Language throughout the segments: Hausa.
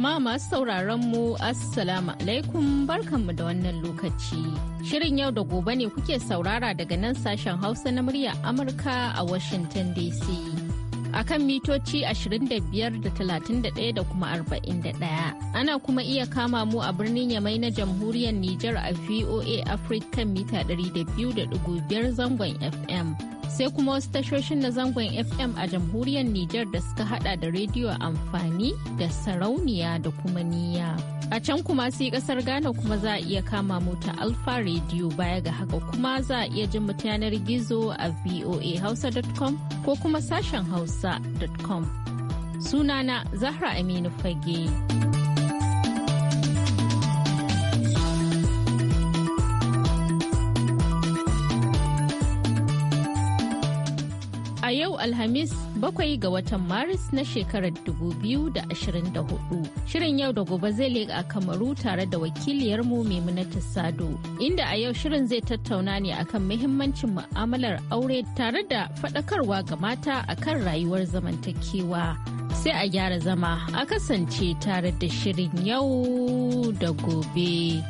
jama'a masu sauraron mu assalamu alaikum barkanmu da wannan lokaci. Shirin yau da gobe ne kuke saurara daga nan sashen Hausa na murya Amurka a Washington DC. A kan mitoci 25 da 31 da kuma 41. Ana kuma iya kama mu a birnin Yamai na jamhuriyar Nijar a VOA Africa mita 200.5 zangon FM. sai kuma wasu tashoshin na zangon fm a jamhuriyar Nijar da suka hada da rediyo amfani da sarauniya da kuma niya a can kuma sai kasar ghana kuma za a iya kama mota alfa rediyo baya ga haka kuma za a iya jin mu yanar gizo a voahausa.com ko kuma sashen hausa.com sunana zahra aminu fage. Alhamis bakwai ga watan Maris na shekarar 2024. Shirin yau da gobe zai leƙa kamaru tare da wakiliyarmu Maimunatu Sado, inda a yau shirin zai tattauna ne akan muhimmancin mu'amalar aure tare da faɗakarwa ga mata akan rayuwar zamantakewa. Sai a gyara zama a kasance tare da shirin yau da gobe.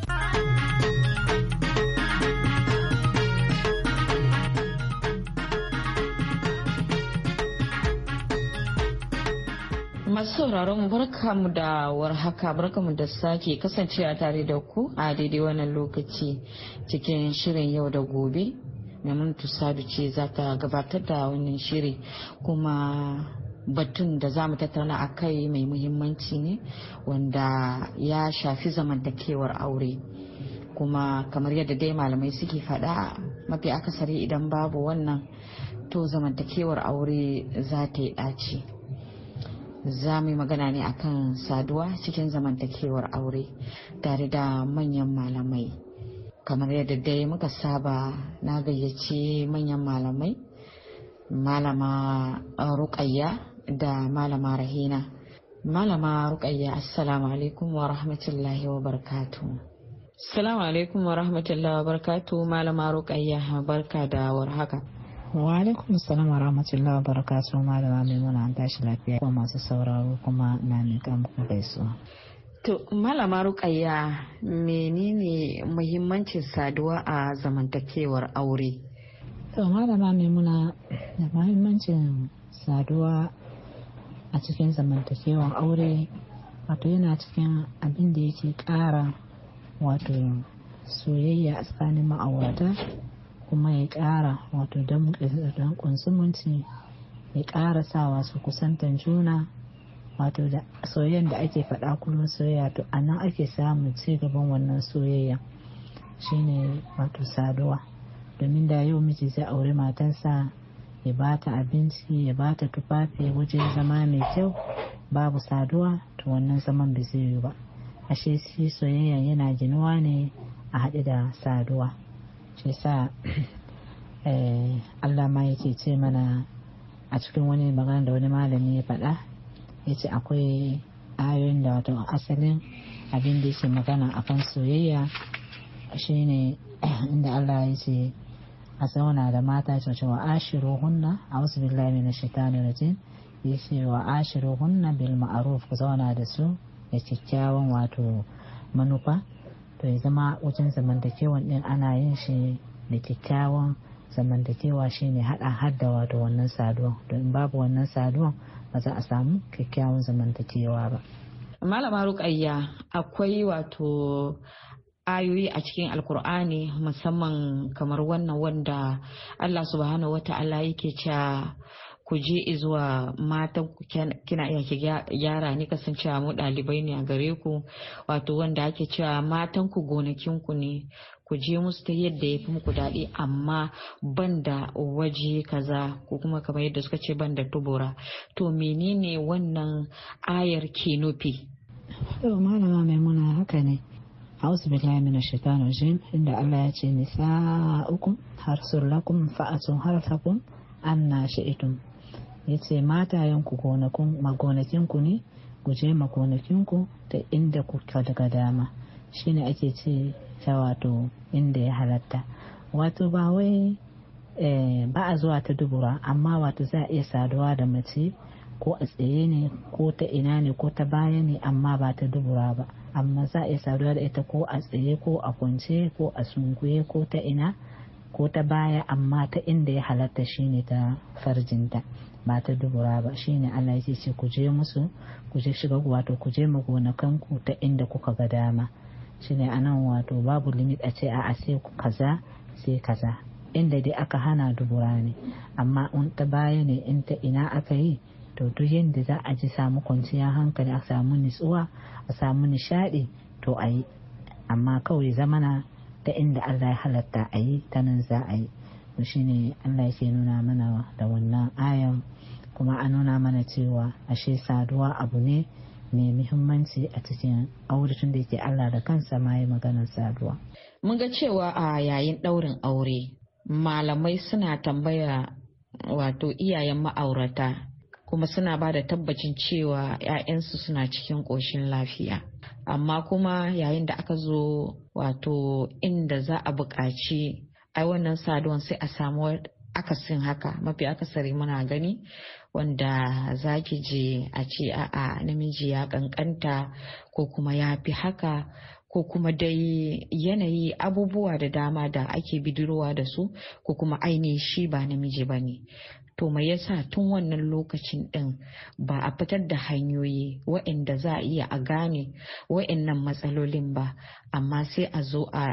Masu sauraron barkamu da warhaka barkamu da sake kasancewa tare da ku a daidai wannan lokaci cikin shirin yau da gobe. Maimunu Sadu ce za ta gabatar da wannan shiri kuma batun da za mu tattauna a kai mai muhimmanci ne wanda ya shafi zamantakewar aure kuma kamar yadda dai malamai suke faɗa mafi akasari idan babu wannan to zamantakewar aure za ta yi ɗaci. za mu yi magana ne akan saduwa cikin zamantakewar aure tare da manyan malamai kamar yadda dai muka saba na gayyace manyan malamai malama rukayya da malama rahina malama rukayya assalamu alaikum wa rahmatullahi wa barkatu assalamu alaikum wa rahmatullahi wa barkatu malama rukayya barka da warhaka Wa alaikum salam wa rahmatullahi wa barakatuhu malama Maimuna an tashi lafiya ko masu sauraro kuma na miƙa muku gaisuwa. To malama Rukayya menene muhimmancin saduwa a zamantakewar aure? To malama Maimuna da muhimmancin saduwa a cikin zamantakewar aure wato yana cikin abinda yake ƙara wato soyayya a tsakanin ma'aurata kuma ya ƙara wato danƙon zumunci ya ƙara sa su kusantan juna wato da soyayyar da ake faɗa kullum soyayya to a nan ake samun ci gaban wannan soyayya shine wato saduwa domin da yau miji zai aure matarsa ya ba ta abinci ya ba ta tufafi wajen zama mai kyau babu saduwa to wannan zaman bai zai yi ba ashe shi soyayya yana ginuwa ne a haɗe da saduwa shi eh, Allah ma yake ce mana a cikin wani magana da wani malami ya faɗa ya ce akwai ayoyin da wato asalin abin da yake magana a kan soyayya shine inda Allah ya ce a zauna da mata ya ce wa ashiru hunna a wasu billahi min na rajim ya ce wa ashiru hunna bil ma'aruf ku zauna da su da kyakkyawan wato manufa to ya zama wajen zamantakewan din ana yin shi da kyakkyawan zamantakewa shine hada haddawa da wannan to don babu wannan saduwa ba za a samu kyakkyawan zamantakewa ba malama rukayya akwai wato ayoyi a cikin alkur'ani musamman kamar wannan wanda allah subhanahu ta'ala yake cewa ku je zuwa matan kina iya ki gyara ni kasancewa mu dalibai ne a gare ku wato wanda ake cewa matan ku gonakin ku ne ku je musu ta yadda ya fi muku daɗi amma ban da waje kaza ko kuma kamar yadda suka ce ban da tubura to menene wannan ayar ke nufi yau malama muna haka ne hausu billahi mina shaitan rajim inda allah ya ce nisa'ukum harsun lakum fa'atun harsakum anna shi'itum ya ce matayenku gonakinku ne guje magonakinku gonakinku ta inda kuka daga dama shine ake ce ta wato inda ya halatta wato ba wai eh, ba a zuwa ta dubura amma wato za a iya saduwa da mace ko a tsaye ne ko ta ina ne ko ta baya ne amma ba ta dubura ba amma za a iya saduwa da ita ko a tsaye ko a kwance ko a sunkuye ko ta ina ko ta baya amma ta inda ya halatta shine ta farjinta ba ta dubura ba shine Allah ya ce ku je musu ku je shiga wato ku je kanku ta inda kuka ga dama shine anan wato babu limit a ce a sai kaza sai kaza inda dai aka hana dubura ne amma in ta baya ne in ta ina aka yi to duk yadda za a ji samu kwanciya hankali a samu nutsuwa a samu nishaɗi to a yi amma kawai zamana ta inda allah ya halatta a yi ta nan za a yi to shine Allah ya nuna mana da wannan ayan kuma an nuna mana cewa ashe saduwa abu ne mai muhimmanci a cikin aure tun da yake Allah da kansa ma yi maganar saduwa. Mun ga cewa a yayin ɗaurin aure malamai suna tambaya wato iyayen ma'aurata kuma suna ba da tabbacin cewa 'ya'yansu suna cikin ƙoshin lafiya amma kuma yayin da aka zo wato inda za a buƙaci ai wannan saduwan sai a samu akasin haka mafi akasari muna gani wanda za ki je a ce a'a namiji ya kankanta ko kuma ya fi haka ko kuma dai yanayi abubuwa da dama da ake bidirowa da su ko kuma ainihin shi ba namiji ba ne to mai yasa tun wannan lokacin din ba a fitar da hanyoyi waɗanda za a iya a gane waɗannan matsalolin ba amma sai a zo a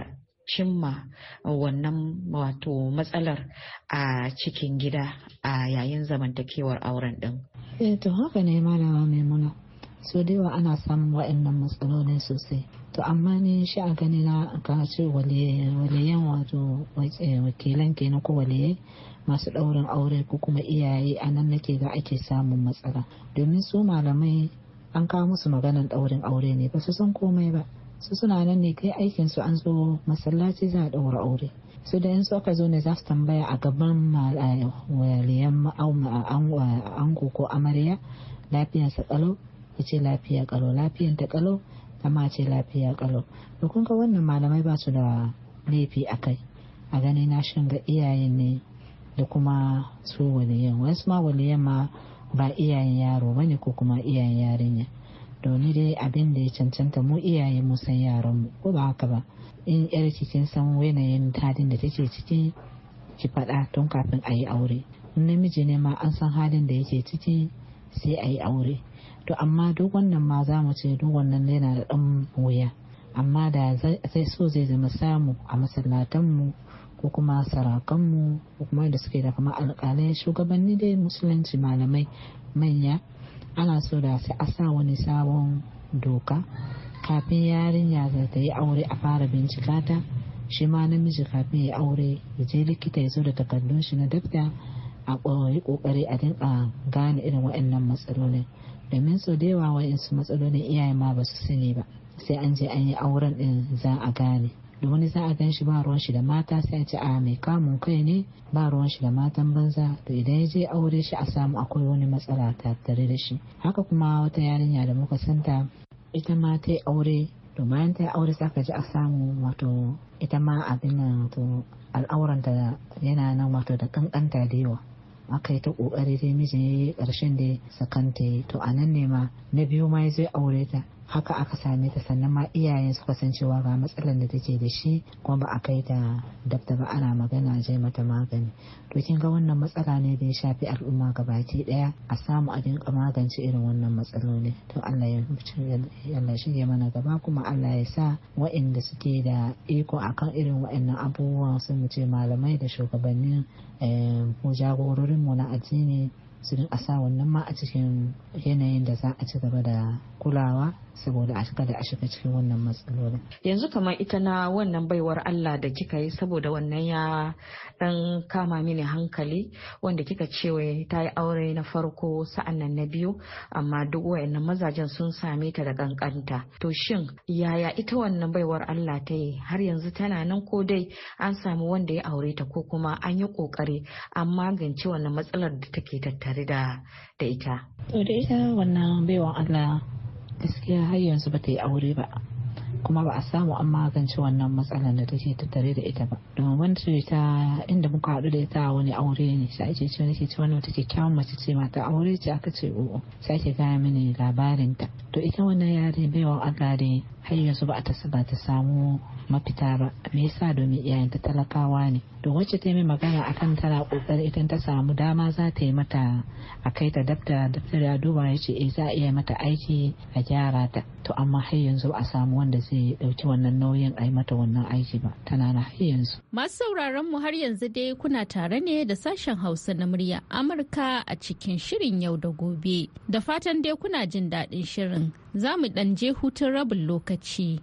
cimma wannan wato matsalar a cikin gida a yayin zamantakewar auren ɗin. Eh to haka ne malama maimuna. So da yawa ana samun wa'annan matsaloli sosai. To amma ne shi a gani na ka ce waliyan wato eh, wakilan na ko waliyai masu ɗaurin aure ko kuma iyaye a nan nake ga ake samun matsala. Domin su malamai an kawo musu maganar ɗaurin aure ne ba su san komai ba. su suna nan ne kai aikin su an zo masallaci za a ɗaura aure su da in aka zo ne za su tambaya a gaban eh, waliyan eh, ango ko amarya lafiyarsa kalau ya ce lafiya kalau lafiyan ta kalau amma ce lafiya kalau da kun ga wannan malamai ba su da laifi a kai a gani na ga iyayen ne da kuma su waliyan wasu ma waliyan ma ba iyayen yaro bane ko kuma iyayen yarinya domin dai abin da ya cancanta mu iyaye mu san yaranmu ko ba haka ba in yar cikin san yanayin halin da take ciki ki faɗa tun kafin a yi aure in namiji ne ma an san halin da yake ciki sai a yi aure to amma duk wannan ma za mu ce duk wannan yana da ɗan wuya amma da zai so zai zama samu a masallatanmu ko kuma sarakanmu ko kuma da suke da kuma alƙalai shugabanni dai musulunci malamai manya ana so da sai a sa wani sabon doka kafin yarinya ta yi aure a fara bincika ta shi ma namiji kafin ya aure ya je likita ya zo da takardun shi na dafta a yi kokari a dinka gane irin waɗannan matsalolin domin so da yawa waɗansu matsalolin iyaye ma ba su sani ba sai an je an yi auren din za a gane da wani za a gan shi ba ruwan shi da mata sai a ce a mai kamun kai ne ba ruwan shi da matan banza to idan ya je aure shi a samu akwai wani matsala tare da shi haka kuma wata yarinya da muka santa ita ma ta yi aure to bayan ta yi aure sai ka ji a samu wato ita ma abin nan to ta yana nan wato da kankanta da yawa aka yi ta kokari dai mijin ya yi karshen da sakanta to a nan ne ma na biyu ma ya zai aure ta haka aka same ta sannan ma iyayen suka san cewa ga matsalar da take da shi kuma ba a kai ta dabta ba ana magana je mata magani to kin ga wannan matsala ne da ya shafi al'umma gabaki daya a samu a dinka magance irin wannan matsaloli to Allah ya Allah shige mana gaba kuma Allah ya sa waɗanda suke da iko akan irin waɗannan abubuwan sun mu ce malamai da shugabannin ko eh, jagororin mu na addini su sa wannan ma a cikin yanayin da za a ci gaba da kulawa saboda a shiga da a shiga cikin wannan matsaloli. Yanzu kamar ita na wannan baiwar Allah da kika yi saboda wannan ya dan kama mini hankali wanda kika ce ta yi aure na farko sa'annan na biyu amma duk wayannan mazajen sun same ta da kankanta. To shin yaya ita wannan baiwar Allah ta yi har yanzu tana nan ko dai an samu wanda ya aure ta ko kuma an yi kokari an magance wannan matsalar da take tattara. tare da ita to da ita wannan baiwan Allah gaskiya har yanzu bata yi aure ba kuma ba a samu an magance wannan matsalar da take tattare da ita ba domin wanda ta inda muka haɗu da ita wani aure ne sai ce ce nake ce wannan wata kyawun mace ce mata aure ce aka ce o'o sai ke gaya mini labarin ta to ita wannan yare bai wa agare har yanzu ba ta ba ta samu mafita ba me yasa domin ta talakawa ne to wacce ta yi magana akan tana kokarin idan ta samu dama za ta yi mata a kai ta daftar daftar ya duba ya ce eh za a iya mata aiki a gyara ta to amma har yanzu a samu wanda zai dauki wannan nauyin a yi mata wannan aiki ba tana na har yanzu masu sauraron mu har yanzu dai kuna tare ne da sashen hausa na murya amurka a cikin shirin yau da gobe da fatan dai kuna jin daɗin shirin za mu ɗan je hutun rabin lokaci.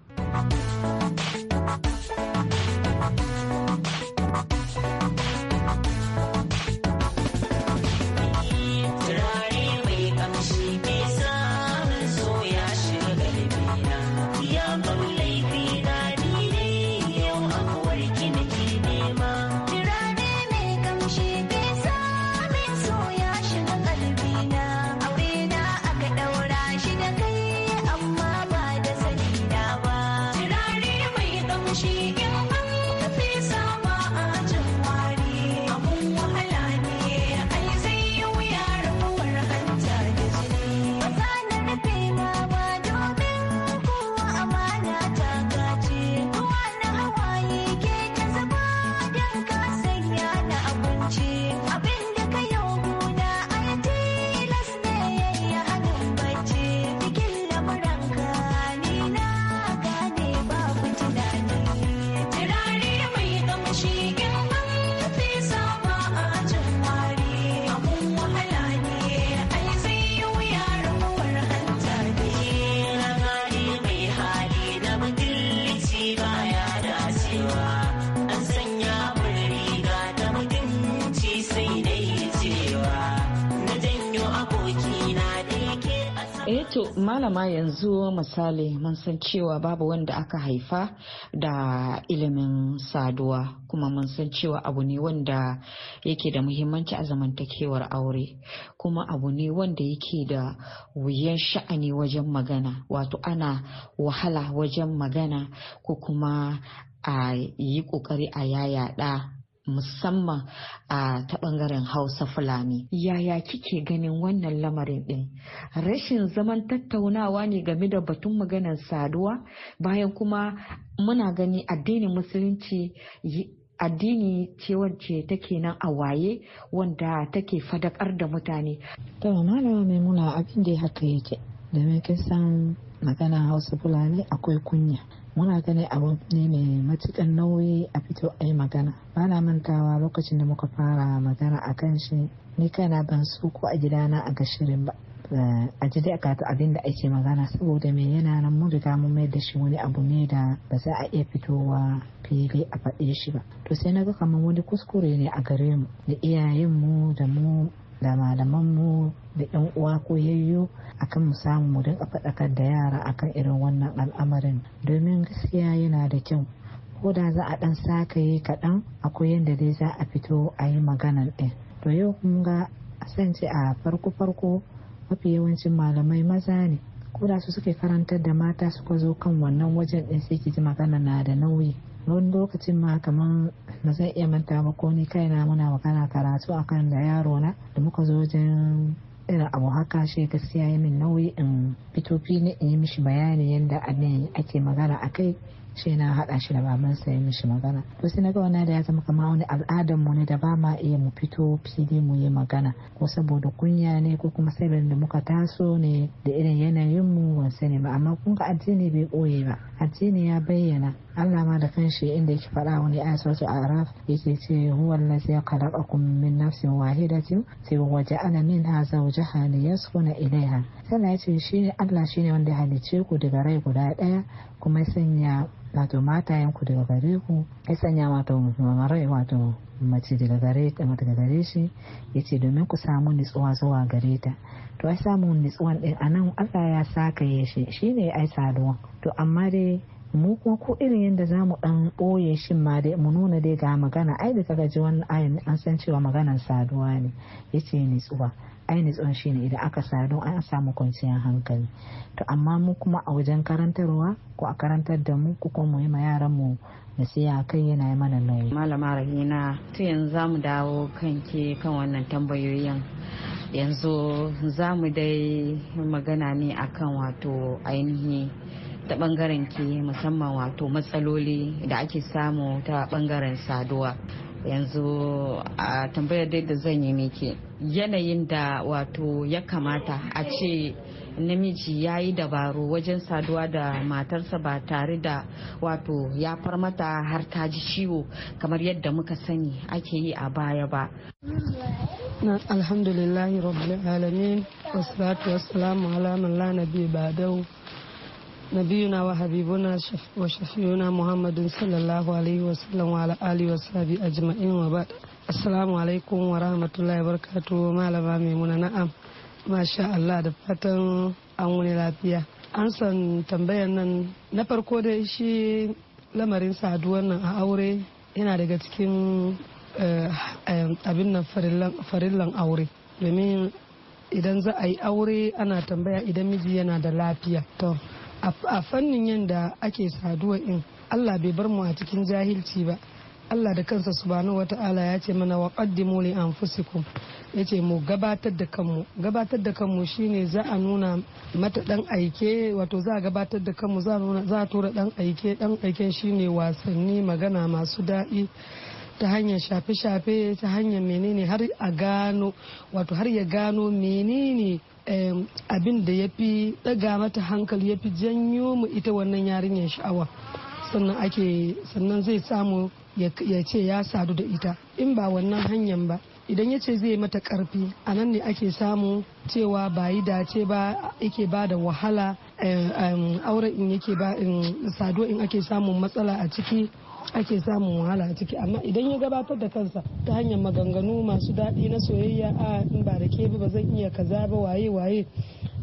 malama yanzu misali mun san cewa babu wanda aka haifa da ilimin saduwa kuma mun san cewa abu ne wanda yake da muhimmanci a zamantakewar aure kuma abu ne wanda yake da wuyan sha'ani wajen magana wato ana wahala wajen magana ko kuma a yi kokari a yayaɗa musamman a ta bangaren hausa fulani yaya kike ganin wannan lamarin din rashin zaman tattaunawa ne game da batun maganar saduwa bayan kuma muna gani addinin musulunci addini ce wacce take nan a waye wanda take fadakar da mutane. To malama muna abin da ya haka yake da mai kisan magana hausa fulani akwai kunya muna gani abu ne mai matukan nauyi a fito a magana ba na mantawa lokacin da muka fara magana a kan shi ni kaina ban so ko a gidana a shirin ba eh, a ji dai a abin da ake magana saboda mai yana nan mun riga mun mai da shi wani abu ne da ba za a iya fitowa fili a faɗe shi ba to sai na ga kamar wani kuskure ne a gare mu da mu da mu da malamanmu da yan uwa ko yayyo akan mu samu mu dinga faɗakar da yara akan irin wannan al'amarin domin gaskiya yana da kyau ko da za a ɗan sakaye kaɗan akwai yadda dai za a fito a yi maganan ɗin to yau kun ga kasance a farko farko mafi yawancin malamai maza ne ko da su suke karantar da mata suka zo kan wannan wajen ɗin sai ki ji magana na da nauyi wani lokacin ma kamar ba zan iya manta ba ko ni kaina muna magana karatu akan da yaro na da muka zo wajen irin abu haka shi gaskiya ya min nauyi in fito fili in yi mishi bayani yadda abin ake magana a kai shi na haɗa shi da babansa ya mishi magana to sai na ga da ya zama kamar wani al'adar mu ne da ba ma iya mu fito fili mu yi magana ko saboda kunya ne ko kuma sabbin da muka taso ne da irin yanayin mu ban sani ba amma kun ga addini bai koye ba addini ya bayyana Allah ma da kanshi inda yake faɗa wani ayat sautu a araf yake ce huwa allazi khalaqakum min nafsin wahidatin sai waja'ala minha zawjaha liyaskuna ilayha sannan ya ce shi ne allah shi ne wanda ya halice ku daga rai guda ɗaya kuma ya sanya wato matayen ku daga gare ku ya sanya wato mamarai wato mace daga gare ta daga gare shi ya ce domin ku samu nutsuwa zuwa gare ta to ai samun nutsuwan ɗin a nan allah ya sa ka ya shi shi ne ai saduwa to amma dai mu ko ko irin yadda za mu dan ɓoye shin ma dai mu nuna dai ga magana ai da kaga ji wannan ayin an san cewa maganar saduwa ne yace tsuba ai tsun shine idan aka sadu an samu kwanciyar hankali to amma mu kuma a wajen karantarwa ko a karantar da mu ko kuma mu yi ma yaran mu siya kai yana yi mana nauyi malama rahina to yanzu za mu dawo kanke kan wannan tambayoyin yanzu za mu dai magana ne akan wato ainihi. ta bangaren ki musamman wato matsaloli da ake samu ta bangaren saduwa yanzu a tambayar dai da zan yi miki yanayin da wato ya kamata a ce namiji ya yi dabaru wajen saduwa da matarsa ba tare da wato ya far mata har ta ji ciwo kamar yadda muka sani ake yi a baya ba alhamdulillahi rabbil alamin wasu ala man la nabi ba dau نبينا وحبيبنا وشفيعنا محمد صلى الله عليه وسلم وعلى آله وصحبه أجمعين وبعد السلام عليكم ورحمة الله وبركاته malama maimuna na'am masha Allah da fatan an wani lafiya an san tambayar nan na farko dai shi lamarin saduwar nan a aure yana daga cikin eh, eh, abin nan farillan aure domin idan za a yi aure ana tambaya idan miji yana da lafiya to a fannin yadda ake saduwa in allah bai bar mu a cikin jahilci ba allah da kansa subhanahu wata'ala ya ce mana wa qaddimu li anfusikum yace mu gabatar da kanmu gabatar da kanmu shine za a nuna mata dan aike wato za a gabatar da kanmu za nuna za a tura dan aike dan aiken shine wasanni magana masu daɗi ta hanyar shafe-shafe ta hanyar menene har a gano wato har ya gano menene abin da ya fi ɗaga mata hankali ya fi janyo mu ita wannan yarinyar sha'awa sannan ake sannan zai samu ya ce ya sadu da ita in ba wannan hanyar ba idan ya ce zai mata karfi a nan ne ake samu cewa ba yi dace ba yake ba da wahala auren in yake ba sadu in ake samun matsala a ciki ake samun wahala a ciki amma idan ya gabatar da kansa ta hanyar maganganu masu daɗi na soyayya a in ba da ke ba zan iya kaza ba waye waye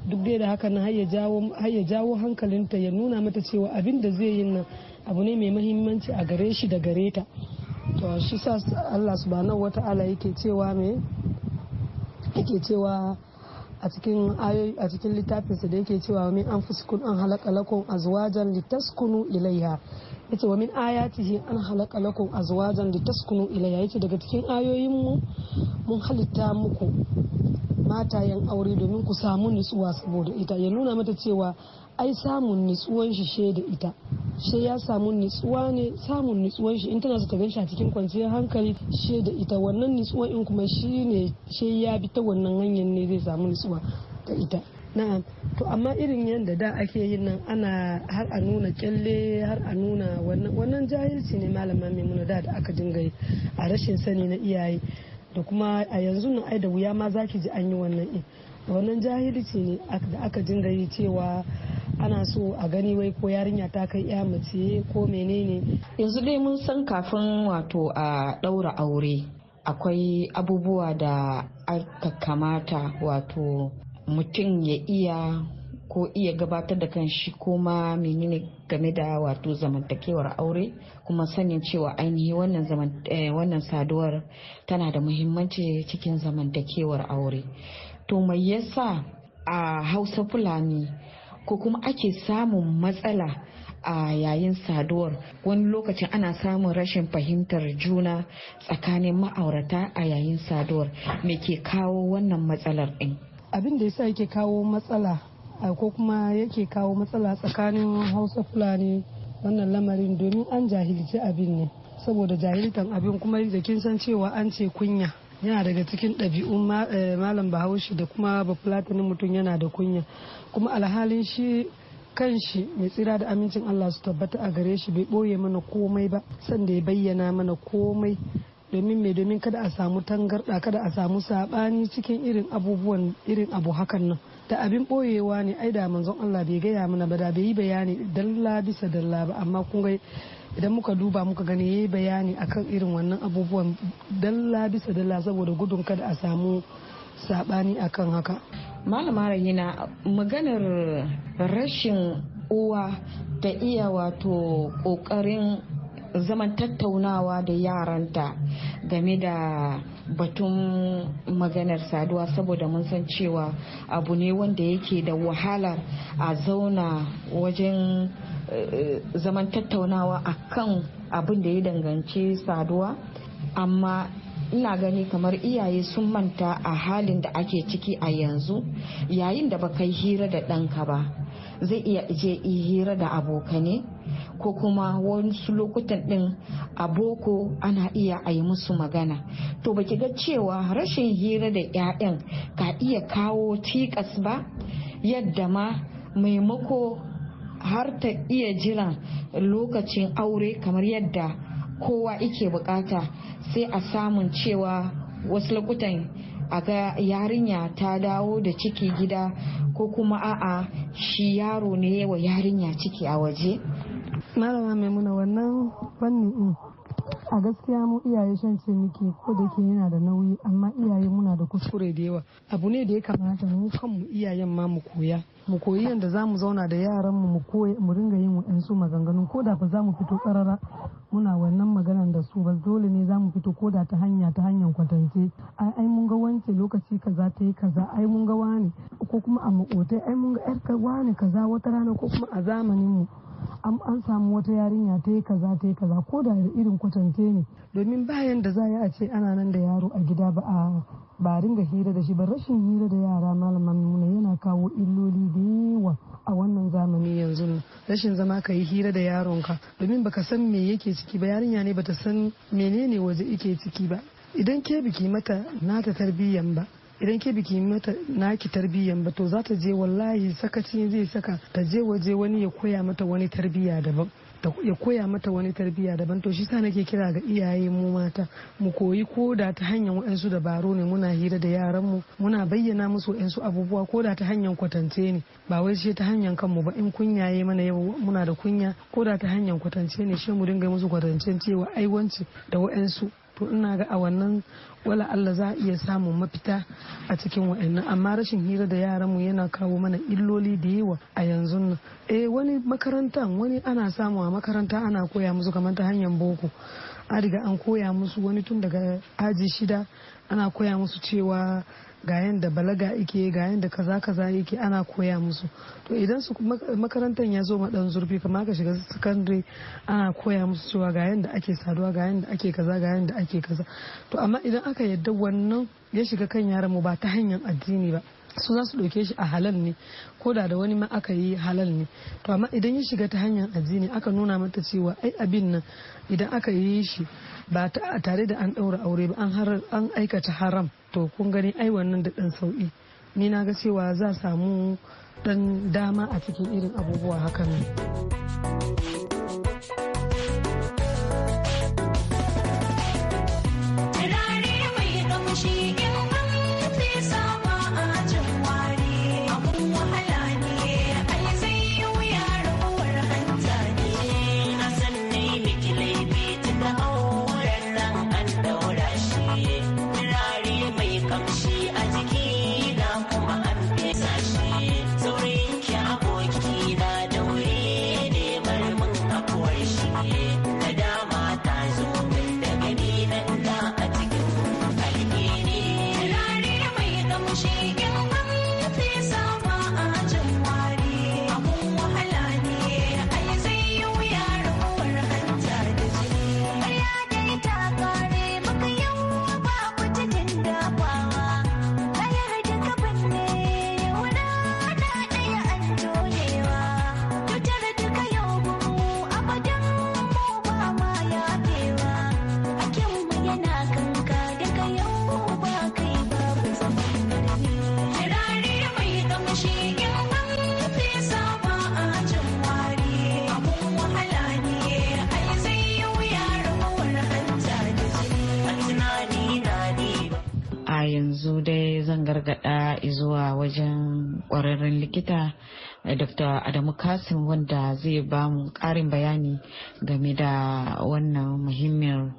duk dai da haka na har jawo hankalinta ya nuna mata cewa abin da zai yi nan abu ne mai mahimmanci a gare shi da gare ta to shi sa Allah subhanahu wata'ala yake cewa me yake cewa a cikin a cikin littafinsa da yake cewa min an fuskun an halaka lakum azwajan litaskunu ilaiha yace wa min ayatihi an halaka lakum azwajan litaskunu ilayha yace daga cikin ayoyin mu mun halitta muku matayen aure domin ku samu nutsuwa saboda ita ya nuna mata cewa ai samun nutsuwan shi she da ita she ya samu nutsuwa ne samun nutsuwan shi in tana zata ta a cikin kwanciyar hankali she da ita wannan nutsuwa in kuma shi she ya bi ta wannan hanyar ne zai samu nutsuwa da ita na'am to amma irin yadda da ake yin nan ana har a nuna kyalle har a nuna wannan jahilci ne malama maimuna da da aka dinga yi a rashin sani na iyaye da kuma a yanzu nan ai da wuya ma za ki ji an yi wannan in wannan jahilci ne da aka dinga yi cewa ana so a gani wai ko yarinya ta kai ya mace ko menene yanzu dai mun san kafin wato a daura aure akwai abubuwa da aka kamata wato mutum ya iya ko iya gabatar da kanshi ko ma menene game da wato zamantakewar aure kuma sanin cewa ainihi wannan eh, saduwar tana da muhimmanci cikin zamantakewar aure to mai yasa a hausa fulani ko kuma ake samun matsala a yayin saduwar wani lokacin ana samun rashin fahimtar juna tsakanin ma'aurata a yayin saduwar me ke kawo wannan matsalar ɗin. abin da yasa yake kawo matsala ko kuma yake kawo matsala tsakanin hausa fulani wannan lamarin domin an jahilci abin ne saboda jahiltan abin kuma da kin san cewa an ce kunya yana daga cikin ɗabi'un eh, malam bahaushe da kuma ba bafulatanin mutum yana da kunya kuma alhalin shi kan shi mai tsira da amincin Allah su tabbata a gare shi bai ɓoye mana komai ba sanda ya bayyana mana komai domin me domin kada a samu tangarɗa kada a samu saɓani cikin irin abubuwan irin abu hakan nan da abin ɓoyewa ne ai da manzon Allah bai gaya mana ba da bai yi bayani dalla bisa dalla ba amma kun ga idan muka duba muka gani yayi bayani akan irin wannan abubuwan dalla bisa dalla saboda gudun kada a samu saɓani akan haka malama rayina maganar rashin uwa ta iya wato ƙoƙarin zaman tattaunawa da yaranta game da batun maganar saduwa saboda mun san cewa abu ne wanda yake da wahalar a zauna wajen eh, zaman tattaunawa a kan abin da ya danganci saduwa amma ina gani kamar iyaye sun manta a halin da ake ciki a yanzu yayin da baka yi hira da ɗanka ba zai iya je hira da abokane ko kuma wasu lokutan din aboko ana iya a yi musu magana to baki ga cewa rashin hira da 'ya'yan ka iya kawo tikas ba yadda ma maimako har ta iya jiran lokacin aure kamar yadda kowa ike bukata sai a samun cewa wasu lokutan a ga yarinya ta dawo da ciki gida ko kuma a'a shi yaro ne wa yarinya ciki a waje malama maimuna wannan wannan mm. a gaskiya mu iyaye shan ce muke ko da ke yana da nauyi amma iyaye muna da kuskure da yawa abu ne da ya kamata mu kanmu iyayen ma mu koya mu koyi yadda za mu zauna da yaran mu mu ringa yin wa'ansu maganganun ko da ba za mu fito tsarara muna wannan maganan da su ba dole ne za mu fito ko da ta hanya ta hanyar kwatance ai ai mun ga wance lokaci kaza ta yi kaza ai mun ga wani ko kuma a makotai ai mun ga yar wani kaza wata rana ko kuma a zamanin mu an samu wata yarinya ta yi kaza ta yi kaza ko da irin kwatante ne domin bayan da za a ce ana nan da yaro a gida ba a ba ringa hira da shi ba rashin hira da yara malaman nuna yana kawo illoli da yawa a wannan zamani yanzu rashin zama ka yi hira da yaronka domin baka san me yake ciki ba yarinya ne bata san menene waje yake ciki ba idan ke biki mata nata tarbiyyan ba idan ke biki mata naki tarbiyyan ba to za ta je wallahi sakaci zai saka ta je waje wani ya koya mata wani tarbiyya daban ya koya mata wani tarbiyya daban to shi sa nake kira ga iyaye mu mata mu koyi ko da ta hanyar wa'ansu dabaru ne muna hira da yaran mu muna bayyana musu wa'ansu abubuwa ko da ta hanyar kwatance ne ba wai shi ta hanyar kanmu ba in kunya yayi mana yau muna da kunya ko da ta hanyar kwatance ne shi mu dinga musu kwatance cewa ai wance da wa'ansu to ina ga a wannan wala Allah za a iya samun mafita a cikin wa'annan amma rashin hira da yaran mu yana kawo mana illoli da yawa a yanzu nan eh wani makarantan wani ana samu a makaranta ana koya musu kamar ta hanyar boko an riga an koya musu wani tun daga aji shida ana koya musu cewa ga yadda balaga ike ga yadda kaza kaza yake ana koya musu to idan su makarantar ya zo ɗan zurfi kama ka shiga sakandare ana koya musu cewa ga yadda ake saduwa ga yadda ake kaza ga yadda ake kaza to amma idan aka yadda wannan ya shiga kan yaran mu ba ta hanyar addini ba su za su ɗauke shi a halal ne ko da da wani ma aka yi halal ne to amma idan ya shiga ta hanyar addini aka nuna mata cewa ai abin nan idan aka yi shi ba tare da an ɗaura aure ba an aikata haram to kun gani ai wannan da ɗan sauƙi ni na ga cewa za samu ɗan dama a cikin irin abubuwa hakan nan. gargada zuwa wajen kwararren likita eh, dr adamu kasim wanda zai ba mu karin bayani game da wannan muhimmin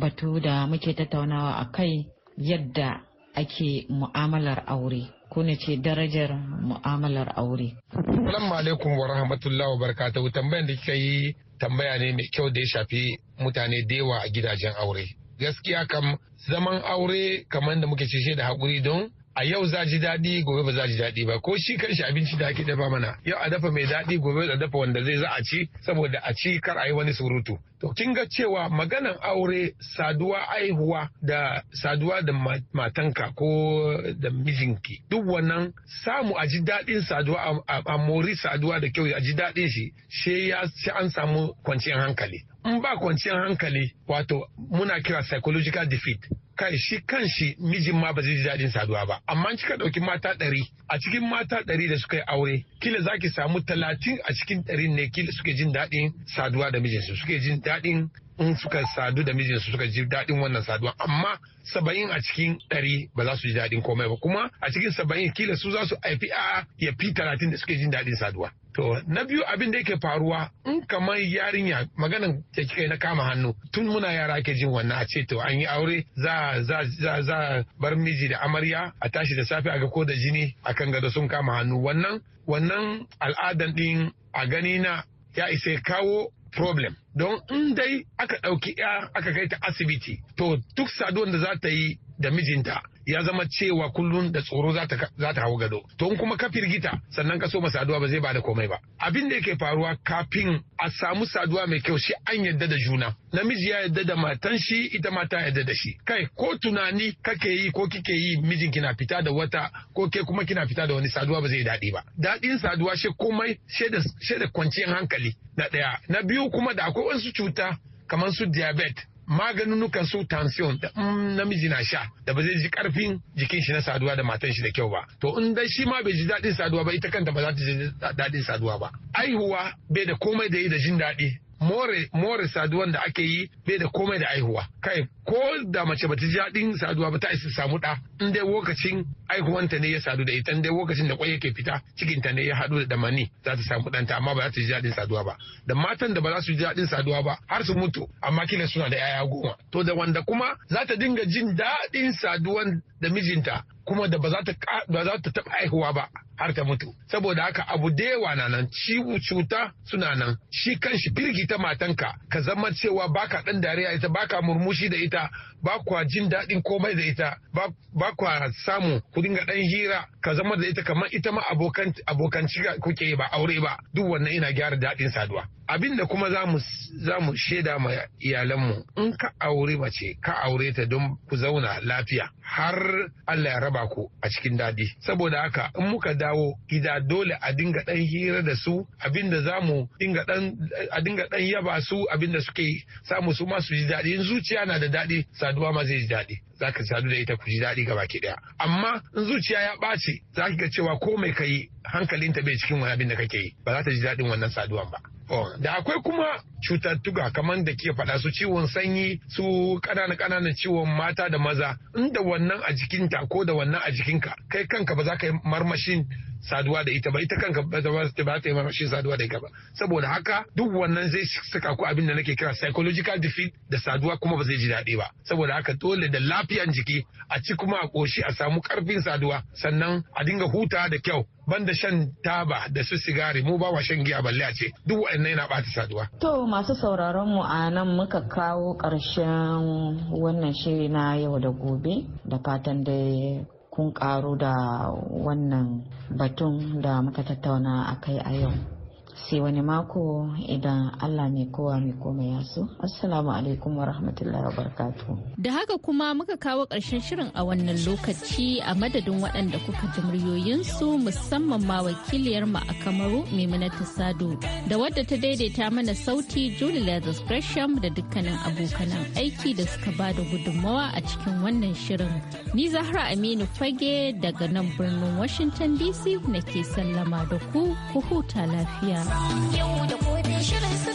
batu da muke tattaunawa a kai yadda ake mu'amalar aure ko na ce darajar mu'amalar aure. Assalamu alaikum wa rahmatullahi wa barakatuhu tambayan da kika yi tambaya ne mai kyau da ya shafi mutane da yawa a gidajen aure. Gaskiya kam zaman aure kamar da muke ce da haƙuri don a yau za ji daɗi gobe ba za ji daɗi ba ko shi kanshi abinci da ake dafa mana yau a dafa mai daɗi gobe a dafa wanda zai za a ci saboda a ci kar a yi wani surutu to kin ga cewa maganan aure saduwa aihuwa da saduwa da matanka ko da mijinki duk wannan samu a ji daɗin saduwa a mori saduwa da kyau a ji daɗin shi sai ya an samu kwanciyar hankali in ba kwanciyar hankali wato muna kira psychological defeat kai shi kan shi mijin ma ba zai ji daɗin saduwa ba amma in kika ɗauki mata ɗari a cikin mata ɗari da suka yi aure kila zaki samu talatin a cikin ɗari ne kila suke jin daɗin saduwa da mijinsu suke jin daɗin in suka sadu da mijinsu suka ji daɗin wannan saduwa amma saba'in a cikin ɗari ba za su ji daɗin komai ba kuma a cikin saba'in kila su za su haifi a ya fi talatin da suke jin daɗin saduwa. To na biyu abin da yake faruwa in kamar yarinya maganan da kika yi na kama hannu tun muna yara ke jin wannan a ce to an yi aure za za za bar miji da amarya a tashi da safe a ga ko da jini a kan gado sun kama hannu wannan wannan al'adan din a gani na ya isa kawo problem don in dai aka ɗauki ya aka kai ta asibiti to duk saduwan da za ta yi da mijinta ya zama cewa kullum da tsoro za ta hau gado to in kuma ka firgita sannan ka so ma saduwa ba zai bada komai ba abin da yake faruwa kafin a samu saduwa mai kyau shi an yadda da juna namiji ya yadda da matan shi ita mata ta yadda da shi kai ko tunani kake yi ko kike yi mijin kina fita da wata ko ke kuma kina fita da wani saduwa ba zai daɗi ba daɗin saduwa shi komai shi da kwanciyar hankali na ɗaya na biyu kuma da akwai wasu cuta kamar su diabetes Maganin nukan su tansiyon da mm, namiji na sha da ba zai ji karfin jikin shi na saduwa da matan shi da kyau ba to in dai shi ma bai ji daɗin saduwa ba ita kanta ba za ta ji daɗin saduwa ba aihuwa bai da komai da yi da jin daɗi more more saduwan da ake yi bai da komai da aihuwa kai ko da mace bata ji daɗin saduwa ba ta isa samu ɗa in dai lokacin aihuwanta ne ya sadu da ita in dai lokacin da kwai yake fita cikinta ne ya haɗu da damani za ta samu ɗanta amma ba za ta ji daɗin saduwa ba da matan da ba za su ji daɗin saduwa ba har su mutu amma kila suna da 'ya'ya goma to da wanda kuma za ta dinga jin daɗin saduwan da mijinta kuma da ba za ta taɓa haihuwa ba har ta mutu saboda haka abu da yawa na nan ciwo cuta suna nan shi kan shi firgita matanka ka zama cewa baka ɗan dariya ita baka murmushi da ita ba kwa jin daɗin komai da ita ba kwa samu ku dinga ɗan hira ka zama da ita kamar ita ma abokan kuke ba aure ba duk wannan ina gyara daɗin saduwa abin da kuma za mu shaida ma iyalanmu in ka aure mace ka aure ta don ku zauna lafiya har Allah ya raba raba a cikin dadi saboda haka in muka dawo gida dole a dinga dan hira da su abinda za mu a dinga dan yaba su abinda suke samu su ma su ji dadi in zuciya na da dadi saduwa ma zai ji dadi za sadu da ita ku ji dadi gaba ki ɗaya amma in zuciya ya ɓaci za ga cewa ko mai ka yi hankalinta bai cikin wani abin da kake yi ba za ta ji dadin wannan saduwan ba da akwai kuma cutattuka kamar da ke faɗa su ciwon sanyi su ƙananan ƙananan ciwon mata da maza inda wannan a jikinta ko da wannan a jikinka kai kanka ba za ka yi marmashin saduwa da ita ba ita kanka ba ta yi mamashin saduwa da ita ba saboda haka duk wannan zai saka ku abin da nake kira psychological defeat da saduwa kuma ba zai ji daɗi ba saboda haka dole da lafiyan jiki a ci kuma a ƙoshi a samu ƙarfin saduwa sannan a dinga huta da kyau ban da shan taba da su sigari mu ba wa shan giya balle a ce duk wa'annan yana bata saduwa. To masu sauraron mu a nan muka kawo ƙarshen wannan shiri na yau da gobe da fatan da kun ƙaru da wannan batun da muka tattauna a kai a yau sai wani mako idan Allah mai kowa mai koma ya so. Assalamu alaikum wa rahmatullahi wa Da haka kuma muka kawo ƙarshen shirin a wannan lokaci a madadin waɗanda kuka ji muryoyinsu musamman ma wakiliyar mu a Kamaru Maimunatu Sado da wadda ta daidaita mana sauti julia Lazarus Gresham da dukkanin abokanan aiki da suka ba da gudummawa a cikin wannan shirin. Ni Zahra Aminu Fage daga nan birnin Washington DC nake sallama da ku ku huta lafiya. Yau da su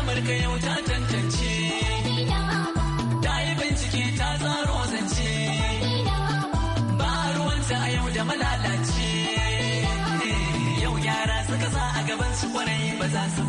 Amurka yau ta tantance. Ta yi bincike ta tsaro zance. Ba ruwanta a yau da malalace. Yau gyara suka sa a gaban su kwarai ba za su